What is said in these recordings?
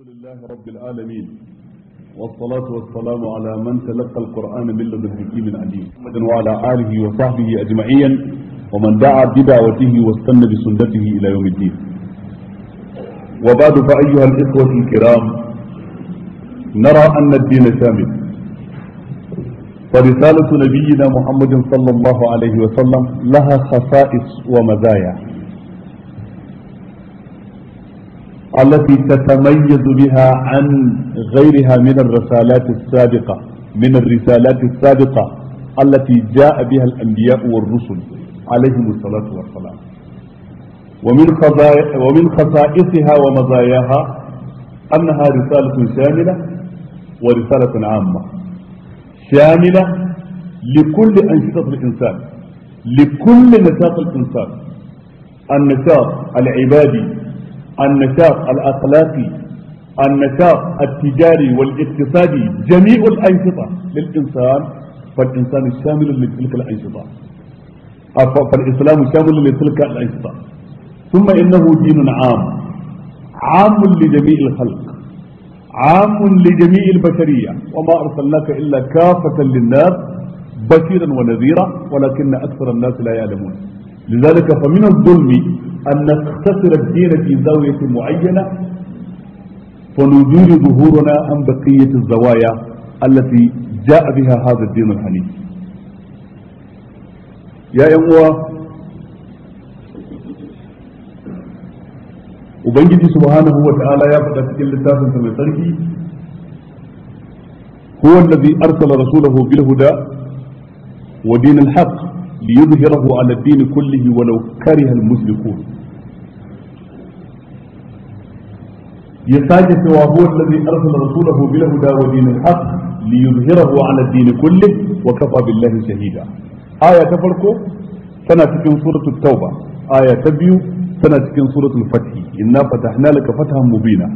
الحمد لله رب العالمين والصلاة والسلام على من تلقى القرآن من لدن حكيم عليم وعلى آله وصحبه أجمعين ومن دعا بدعوته واستنى بسنته إلى يوم الدين وبعد فأيها الإخوة الكرام نرى أن الدين شامل فرسالة نبينا محمد صلى الله عليه وسلم لها خصائص ومزايا التي تتميز بها عن غيرها من الرسالات السابقة من الرسالات السابقة التي جاء بها الأنبياء والرسل عليهم الصلاة والسلام ومن ومن خصائصها ومزاياها أنها رسالة شاملة ورسالة عامة شاملة لكل أنشطة الإنسان لكل نشاط الإنسان النشاط العبادي النشاط الأخلاقي النشاط التجاري والاقتصادي جميع الأنشطة للإنسان فالإنسان الشامل لتلك الأنشطة فالإسلام شامل لتلك الأنشطة ثم إنه دين عام عام لجميع الخلق عام لجميع البشرية وما أرسلناك إلا كافة للناس بشيرا ونذيرا ولكن أكثر الناس لا يعلمون لذلك فمن الظلم أن نختصر الدين في زاوية معينة فنزيل ظهورنا عن بقية الزوايا التي جاء بها هذا الدين الحنيف يا أموة وبنجي سبحانه وتعالى يا فتاة كل سافر من طريقي هو الذي أرسل رسوله بالهدى ودين الحق liyudhhirahu ala ad-din kullihi walau kariha al-mushrikun ya sake cewa huwa alladhi arsala rasulahu bil huda wa dinil haqq liyudhhirahu ala ad-din kullihi wa kafa billahi shahida aya ta farko tana cikin suratul tauba aya ta biyu tana cikin suratul fath inna fatahna laka fathan mubina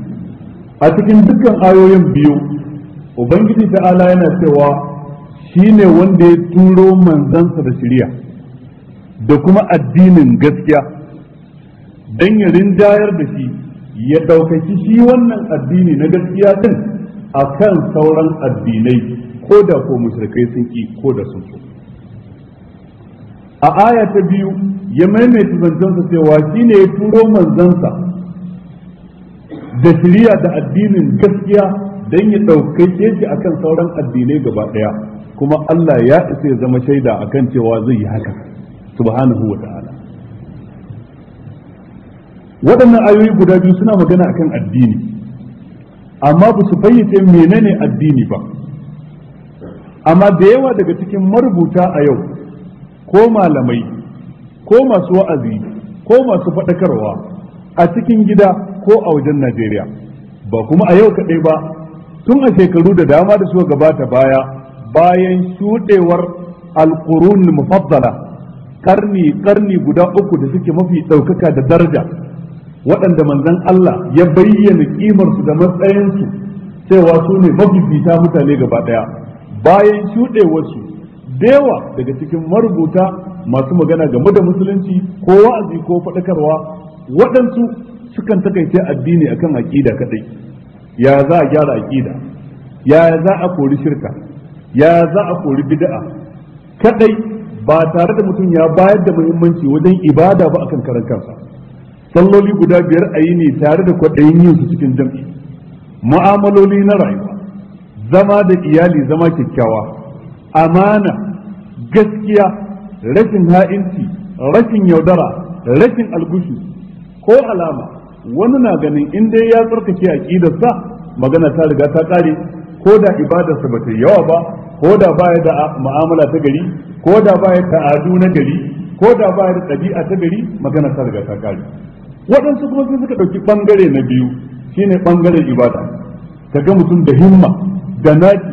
a cikin dukkan ayoyin biyu ubangiji ta'ala yana cewa Shi ne wanda ya turo manzansa da shirya da kuma addinin gaskiya don ya rinjayar da shi ya ɗaukaki shi wannan addini na gaskiya din a kan sauran addinai ko da ko mushrikai sun ki ko da sun so a aya ta biyu ya maimaita zancensa cewa ne ya turo manzansa da shirya da addinin gaskiya don ya ɗaukake shi a kan sauran addinai gaba ɗaya kuma Allah ya isa ya zama shaida akan cewa zai yi haka subhanahu wa ta'ala waɗannan ayoyi guda biyu suna magana akan addini amma ba su fayyace menene addini ba amma da yawa daga cikin marubuta a yau ko malamai ko masu wa'azi ko masu faɗakarwa a cikin gida ko a wajen Najeriya ba kuma a yau kaɗai ba tun a shekaru da dama da suka gabata baya bayan shuɗewar alƙurun mufaddala karni karni guda uku da suke mafi ɗaukaka da daraja waɗanda manzan Allah ya bayyana ƙimarsu da matsayinsu cewa su ne mafifita mutane gaba ɗaya bayan shuɗewarsu dewa daga cikin marubuta masu magana game da musulunci ko wa'azi ko faɗakarwa waɗansu sukan takaice addini akan aƙida kaɗai ya za a gyara aƙida ya za a kori shirka ya za a kori bid'a kadai ba tare da mutum ya bayar da muhimmanci wajen ibada ba akan karan kansa salloli guda biyar a yi ne tare da kwaɗayin yin su cikin jam'i mu'amaloli na rayuwa zama da iyali zama kyakkyawa amana gaskiya rashin ha'inci rashin yaudara rashin algushi ko alama wani na ganin in dai ya tsarkake sa magana ta riga ta kare ko da ibadarsa ba ta yawa ba ko da baya da mu'amala ta gari ko da baya ta'adu na gari ko da baya da ɗabi'a ta gari magana ta riga ta kare waɗansu kuma sai suka ɗauki ɓangare na biyu shine ɓangaren ibada ka ga mutum da himma da naki,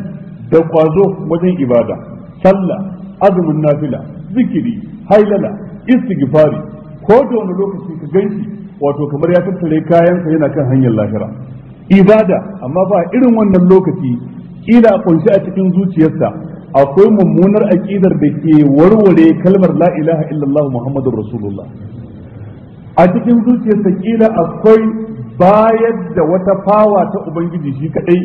da kwazo wajen ibada sallah azumin nafila zikiri hailala istighfari ko da wani lokaci ka ganshi wato kamar ya tattare kayansa yana kan hanyar lahira ibada amma ba irin wannan lokaci ila kunshi a cikin zuciyarsa akwai mummunar aqidar da ke warware kalmar la ilaha illallah muhammadur rasulullah a cikin zuciyarsa kila akwai bayar da wata fawa ta ubangiji shi kadai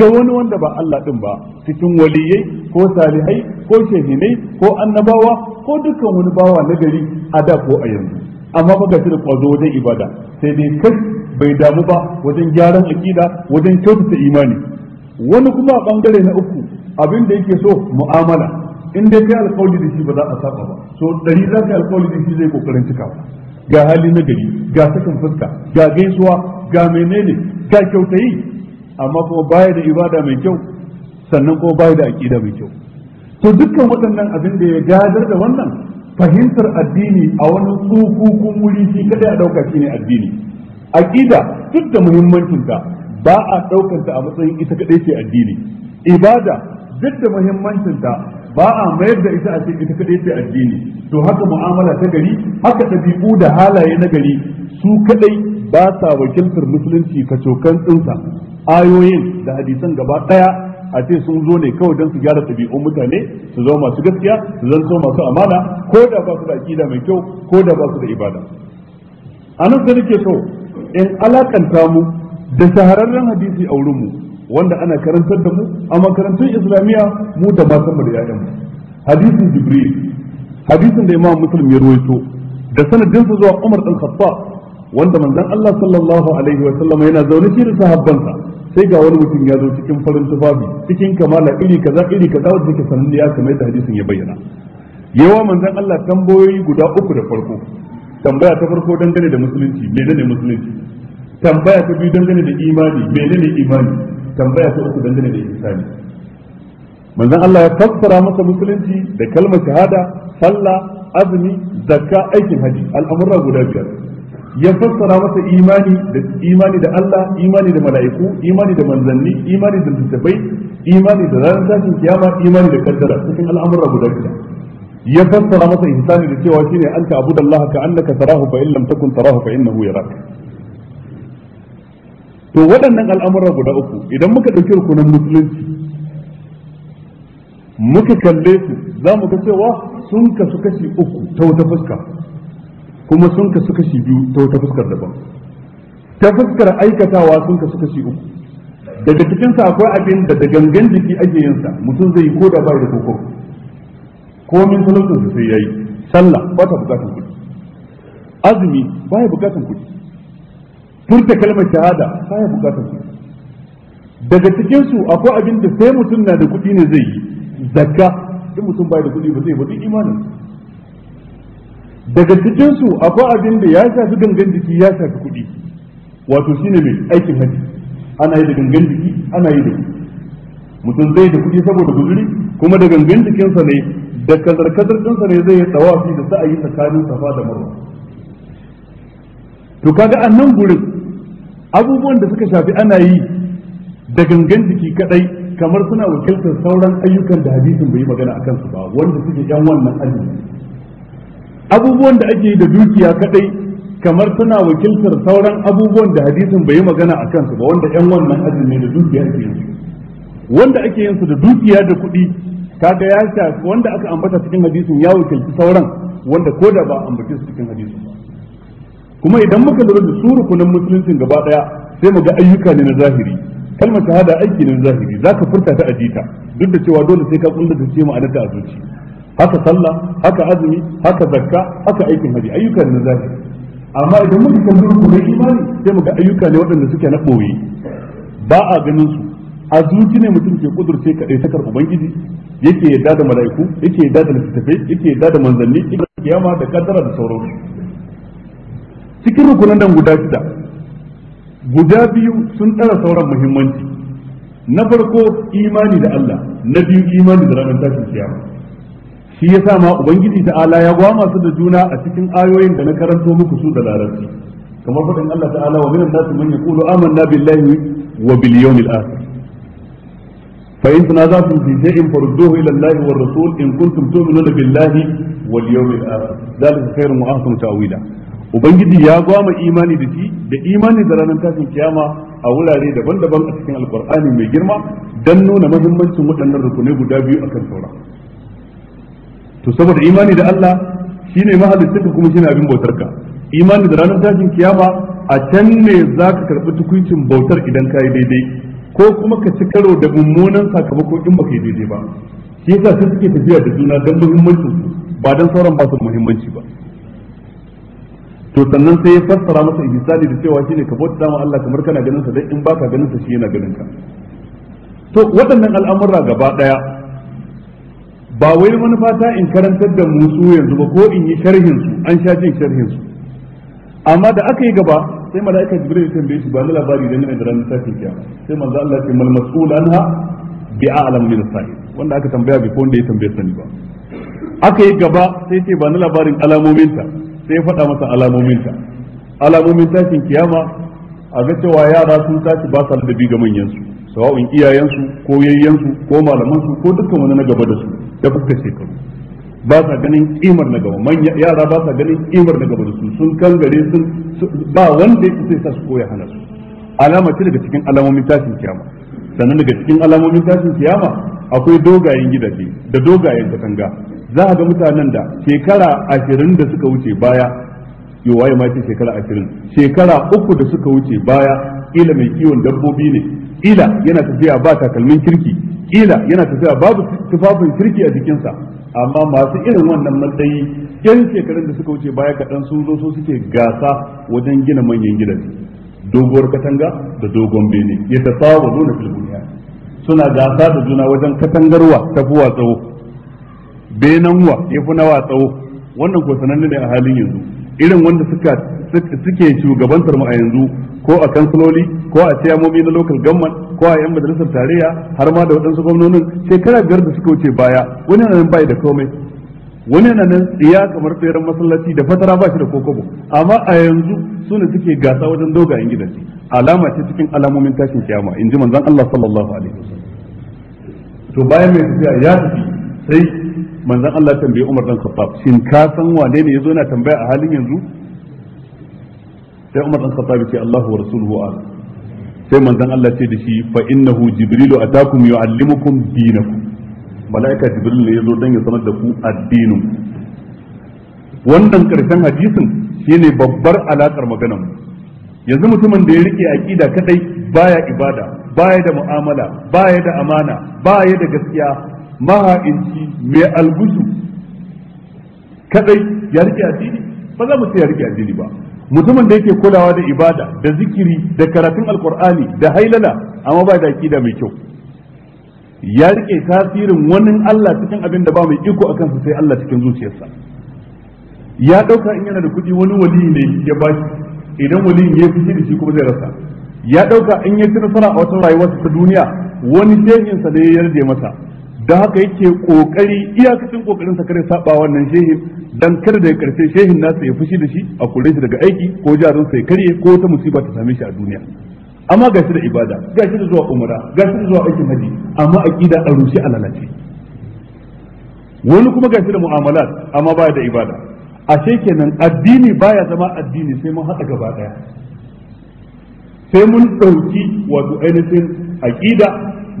ga wani wanda ba Allah din ba cikin waliyyai ko salihai ko shehinai ko annabawa ko dukkan wani bawa na gari a da ko a yanzu amma baka shi da kwazo wajen ibada sai dai kai bai damu ba wajen gyaran akida wajen kyautata imani wani kuma a bangare na uku abin da yake so mu'amala in dai kai alkawali da shi ba za a saba ba so dari za ka alkawali da shi zai kokarin cikawa ga hali na gari ga sakin fuska ga gaisuwa ga menene ga kyautayi amma kuma baya da ibada mai kyau sannan kuma baya da akida mai kyau to dukkan waɗannan abin da ya gadar da wannan fahimtar addini a wani tsukukun wuri shi kadai a dauka shine addini aqida duk da muhimmancinta ba a ɗaukanta a matsayin ita kadai ce addini ibada duk da muhimmancinta ba a mayar da ita a ce ita kadai ce addini to haka mu'amala ta gari haka ɗabi'u da halaye na gari su kaɗai ba sa wakiltar musulunci kacokan tsinsa ayoyin da hadisan gaba ɗaya a ce sun zo ne kawai don su gyara ɗabi'un mutane su zama masu gaskiya su zanto masu amana ko da ba su da aƙida mai kyau ko da ba su da ibada a nan sai nake so in alakanta mu da shahararren hadisi a wurinmu wanda ana karantar da mu a makarantun islamiyya mu da ba mu da ƴaƴan hadisin jibril hadisin da imam muslim ya ruwaito da sanadinsa zuwa umar ɗan khattab wanda manzon Allah sallallahu alaihi wa sallam yana zaune shi da sahabbansa sai ga wani mutum ya zo cikin farin tufafi cikin kamala iri kaza iri kaza wanda yake sanin ya kamar yadda hadisin ya bayyana yawa manzon Allah tambayoyi guda uku da farko tambaya ta farko dangane da musulunci menene musulunci tambaya ta biyu dangane da imani menene imani tambaya ta uku dangane da ihsani manzon Allah ya fassara masa musulunci da kalmar shahada sallah azumi zakka aikin haji al'amuran guda biyar ya fassara masa imani da imani da Allah imani da mala'iku imani da manzanni imani da littattafai imani da ranar tashin kiyama imani da kaddara cikin al'amura guda shida ya fassara masa ihsani da cewa shine anta abudallaha ka annaka tarahu fa in lam takun tarahu fa innahu yarak to waɗannan al'amura guda uku idan muka ɗauki rukunan musulunci muka kalle su za mu ga cewa sun kasu kashi uku ta wata fuska kuma sun kasu kashi biyu ta wata fuskar daban ta fuskar aikatawa sun kasu kashi uku daga cikinsa akwai abin da da gangan jiki ake yin sa mutum zai yi ko da bai da koko min talaucin sa sai yayi sallah ba ta bukatun kuɗi azumi ba ya bukatun kuɗi furta kalmar shahada ba ya bukatun kuɗi daga cikinsu akwai abin da sai mutum na da kuɗi ne zai yi zakka in mutum bai da kuɗi ba zai ba duk imanin daga cikinsu akwai abin da ya shafi gangan jiki ya shafi kuɗi wato shine mai aikin haji ana yi da gangan jiki ana yi da mutum zai da kuɗi saboda guzuri kuma da gangan jikinsa ne da kazar-kazar ɗinsa ne zai yi tsawafi da sa'ayi tsakanin safa da marwa to kaga a nan gurin abubuwan da suka shafi ana yi da gangan jiki kaɗai kamar suna wakiltar sauran ayyukan da hadisin bai yi magana akan su ba wanda suke yan wannan azumi abubuwan da ake yi da dukiya kadai kamar suna wakiltar sauran abubuwan da hadisin bai yi magana a kansu ba wanda yan wannan azumi da dukiya ake yin wanda ake yin su da dukiya da kuɗi kaga ya shafi wanda aka ambata cikin hadisin ya wakilci sauran wanda ko da ba ambace su cikin hadisin kuma idan muka lura da su rukunin musuluncin gaba ɗaya, sai mu ga ayyuka ne na zahiri kalmar shahada aiki ne na zahiri zaka furta ta ajita duk da cewa dole sai ka kullata ce ma'anarta a zuci haka sallah haka azumi haka zakka haka aikin haji ayyukan na zahiri amma idan muka kalli mai imani sai muga ayyuka ne waɗanda suke na ɓoye ba a ganin su a zuci ne mutum ke kudurce kaɗai sakar ubangiji yake yadda da mala'iku yake yadda da littattafai yake yadda da manzanni yake da kiyama da kaddara da sauransu cikin rukunan nan guda shida guda biyu sun ɗara sauran muhimmanci na farko imani da Allah na biyu imani da ranar tashin kiyama shi yasa ma ubangiji ta'ala ya gwama su da juna a cikin ayoyin da na karanto muku su da larabci kamar faɗin Allah ta'ala wa minan nasu man yaqulu amanna billahi wa bil yawmil akhir fa in tunazatum fi shay'in farudduhu ila Allah wa rasul in kuntum tu'minuna billahi wal yawmil akhir dalika khairun wa ahsanu ta'wila ubangiji ya gwama imani da shi da imani da ranar tashin kiyama a wurare daban-daban a cikin alkur'ani mai girma don nuna mahimmancin waɗannan rukunai guda biyu akan saura to saboda imani da Allah shine mahaliccinka kuma shine abin ka imani da ranar tashin kiyama a can ne zaka karbi tukuncin bautar idan kai daidai ko kuma ka ci karo da mummunan sakamako in baka yi daidai ba shi yasa sai suke tafiya da juna dan muhimmancin ba dan sauran ba su muhimmanci ba to sannan sai ya fassara masa ihsani da cewa shine ka bauta ma Allah kamar kana ganin sa dan in baka ganin sa shi yana ganin ka to waɗannan al'amura gaba daya ba wai manufa ta in karantar da musu yanzu ba ko in yi sharhin su an sha jin sharhin su amma da aka yi gaba sai mala'ika jibril ya tambaye shi ba na labari da nan da ranar sakin kiyama sai manzo Allah ya ce mal mas'ul anha bi a'lam min sa'il wanda aka tambaya bi ko wanda ya tambaye sani ba aka yi gaba sai ce ba na labarin alamominta sai ya faɗa masa alamominta alamomin sakin kiyama a ga cewa yara sun tashi ba sa da bi ga manyansu sawa'un iyayensu ko su ko malamansu ko dukkan wani na gaba da su da kuka shekaru ba sa ganin kimar na gaba manya yara ba sa ganin kimar na gaba da su sun gare sun ba wanda yake sai sa su koya hana su alama ce daga cikin alamomin tashin kiyama sannan daga cikin alamomin tashin kiyama akwai dogayen gidaje da dogayen katanga za a ga mutanen da shekara ashirin da suka wuce baya yowa waye ma shekara ashirin shekara uku da suka wuce baya ila mai kiwon dabbobi ne ila yana tafiya ba takalmin kirki kila yana tafiya babu tufafin kirki a jikinsa amma masu irin wannan matsayi yan shekarun da suka wuce baya kaɗan sun zo su suke gasa wajen gina manyan gidaje doguwar katanga da dogon bene ya ta tsawo nuna filbuniya suna gasa da juna wajen katangarwa ta fi watsawo benanwa ya fi na tsawo wannan ko sananne ne a halin yanzu irin wanda suka suke shugabantar mu a yanzu ko a kansiloli ko a ciyamomi na local government ko a yan majalisar tarayya har ma da waɗansu gwamnonin shekara biyar da suka wuce baya wani nan bai da komai wani yana nan tsiya kamar tseren masallaci da fatara ba shi da kokobo amma a yanzu su ne suke gasa wajen dogayen gidan alama ce cikin alamomin tashin kiyama in ji manzon Allah sallallahu alaihi wasallam to bayan mai tafiya ya tafi sai manzon Allah tambaye Umar dan Khattab shin ka san wane ne yazo yana tambaya a halin yanzu sai Umar dan Khattab ce Allahu wa rasuluhu a sai manzon Allah ce da shi fa innahu jibrilu atakum yuallimukum dinakum malaika jibril ne yazo dan ya sanar da ku addinin wannan karshen hadisin shine babbar alakar maganar mu yanzu mutumin da ya rike aqida kadai baya ibada baya da mu'amala baya da amana baya da gaskiya maha'inci mai algusu kadai ya rike addini ba za mu ce ya rike addini ba mutumin da yake kulawa da ibada da zikiri da karatun alkur'ani da hailala amma ba da akida mai kyau ya rike tasirin wani Allah cikin abin da ba mai iko akan su sai Allah cikin zuciyarsa ya dauka in yana da kuɗi wani wali ne ya ba shi idan wali ya fice da shi kuma zai rasa ya dauka in ya ci nasara a wata rayuwarsa ta duniya wani sa ne ya yarje masa da haka yake kokari iyakacin kokarin sa kare saba wannan shehin dan kar da karshe shehin nasa ya fushi da shi a kure shi daga aiki ko jarin sa ya karye ko ta musiba ta same shi a duniya amma ga shi da ibada ga shi da zuwa umara ga shi da zuwa aikin haji amma aqida a rushe a lalace wani kuma ga shi da mu'amalat amma baya da ibada a ashe kenan addini baya zama addini sai mun haɗa gaba ɗaya, sai mun ɗauki wato ainihin aƙida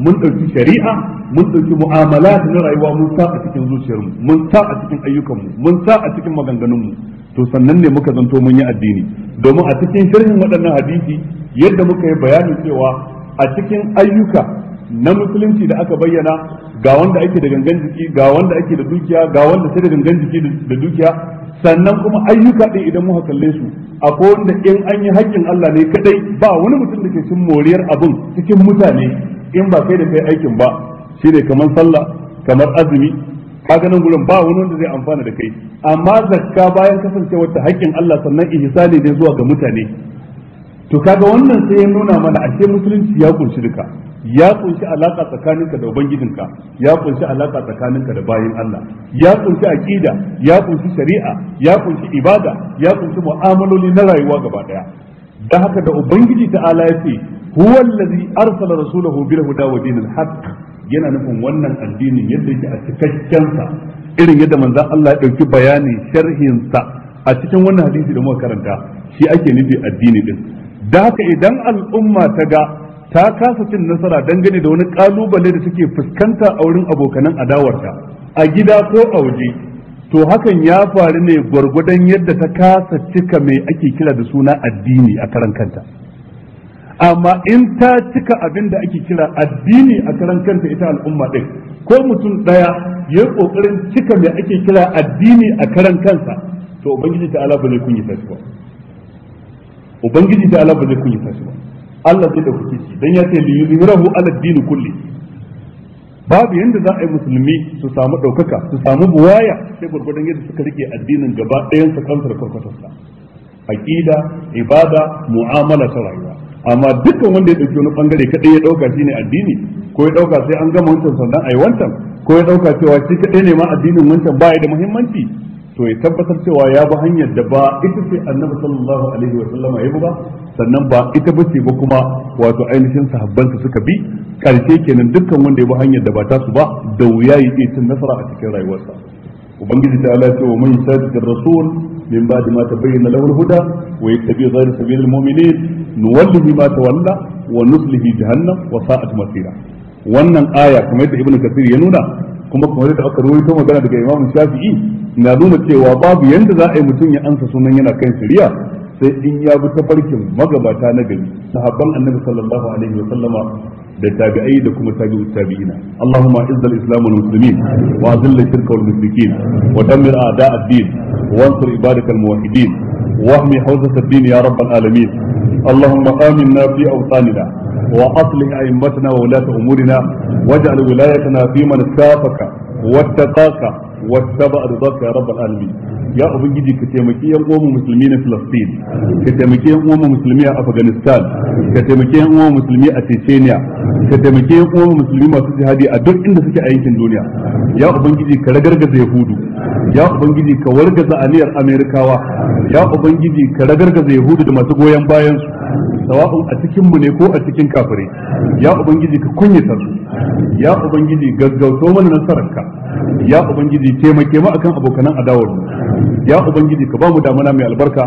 mun ɗauki shari'a mun ɗauki mu'amala na rayuwa mun sa a cikin zuciyarmu mun sa a cikin ayyukanmu mun sa a cikin maganganunmu to sannan ne muka zanto mun yi addini domin a cikin sharhin waɗannan hadisi yadda muka yi bayanin cewa a cikin ayyuka na musulunci da aka bayyana ga wanda ake da gangan jiki ga wanda ake da dukiya ga wanda sai da gangan jiki da dukiya sannan kuma ayyuka ɗin idan muka kalle su a wanda in an yi haƙƙin Allah ne kadai ba wani mutum da ke cin moriyar abun cikin mutane in ba kai da kai aikin ba shine kamar sallah kamar azumi kaga nan gurin ba wani wanda zai amfana da kai amma zakka bayan kasancewar ta haƙƙin Allah sannan ihsani ne zuwa ga mutane to kaga wannan sai ya nuna mana ashe musulunci ya kunshi duka ya kunshi alaka tsakaninka da ubangijinka ya kunshi alaka tsakaninka da bayin Allah ya kunshi aqida ya kunshi shari'a ya kunshi ibada ya kunshi mu'amaloli na rayuwa gaba daya da haka da ubangiji ta'ala ya ce huwa allazi arsala rasulahu bil huda wa dinil haqq yana nufin wannan addinin yadda yake a cikakken sa irin yadda manzon Allah ya dauki bayanin sharhin sa a cikin wannan hadisi da muka karanta shi ake nufi addini din da haka idan al'umma ta ga ta kasa cin nasara dangane da wani kalubale da suke fuskanta a wurin abokanan adawarta a gida ko a waje to hakan ya faru ne gwargwadon yadda ta kasa cika mai ake kira da suna addini a karan amma in ta cika abin da ake kira addini a karan kanta ita al'umma ɗin, ko mutum ɗaya ya ƙoƙarin cika mai ake kira addini a karan kansa to ubangiji ta ala bane kun yi shi ba ubangiji ta ala bane kun yi shi ba Allah zai da kuke shi dan ya ce li yuzhirahu ala ad-din kulli babu yanda za a yi musulmi su samu ɗaukaka su samu buwaya sai gurgurdan yadda suka rike addinin gaba ɗayan su kansa da farkwatarsa aqida ibada mu'amala ta rayuwa amma dukkan wanda ya dauki wani bangare kadai ya dauka shine addini ko ya dauka sai an gama wancan sannan ai wancan ko ya dauka cewa shi kadai ne ma addinin wancan ba ya da muhimmanci to ya tabbatar cewa ya bi hanyar da ba ita ce annabi sallallahu alaihi wa sallama ya bi ba sannan ba ita ce ba kuma wato ainihin sahabbansa suka bi karshe kenan dukkan wanda ya bi hanyar da ba ta su ba da wuya ya iya cin nasara a cikin rayuwarsa ubangiji ta ala wa man yusadiq rasul min ba'di ma tabayyana lahu al-huda wa yattabi ghayra sabil al-mu'minin nuwallihi ma tawalla wa nuslihi jahannam wa sa'at masira wannan aya kamar yadda ibnu kasir ya nuna kuma kamar yadda aka rawaito magana daga imamu shafi'i na nuna cewa babu yanda za a yi mutum ya ansa sunan yana kan shari'a sai in ya bi tafarkin magabata na gari sahabban annabi sallallahu alaihi wa sallama da tabi'ai da kuma tabi'ut tabi'ina Allahumma izz al-islam wal muslimin wa azil ash-shirk wal mushrikin wa dammir a'da ad-din wa ansur ibadak al-muwahhidin wa ahmi hawzat ad-din ya rabb al-alamin Allahumma aminna fi awtanina wa aslih a'immatana wa ulata umurina waj'al wilayatana fi man istafaka wattaqaka wattaba ardaka ya rabbal alamin ya ubangiji ka taimaki yan uwan musulmi na Filistin ka taimaki yan uwan musulmi a Afghanistan ka taimaki yan uwan musulmi a Chechnya ka taimaki yan uwan musulmi masu jihadi a duk inda suke a yankin duniya ya ubangiji ka ragargaza yahudu ya ubangiji ka aniyar Amerikawa ya ka yahudu da masu goyon bayansu, su sawa'un a cikin mu ne ko a cikin kafirai ya ubangiji ka kunyata su ya ubangiji gaggauto mana nasararka ya ubangiji taimake mu akan abokanan adawar mu ya ubangiji ka ba mu damuna mai albarka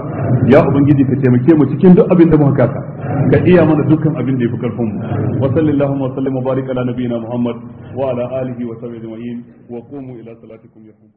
ya ubangiji ka taimake mu cikin duk abin da muka kasa ka iya mana dukkan abin da yafi karfin mu wa sallallahu wa sallam wa barika ala nabiyina muhammad wa ala alihi wa sahbihi wa qumu ila salatikum yakum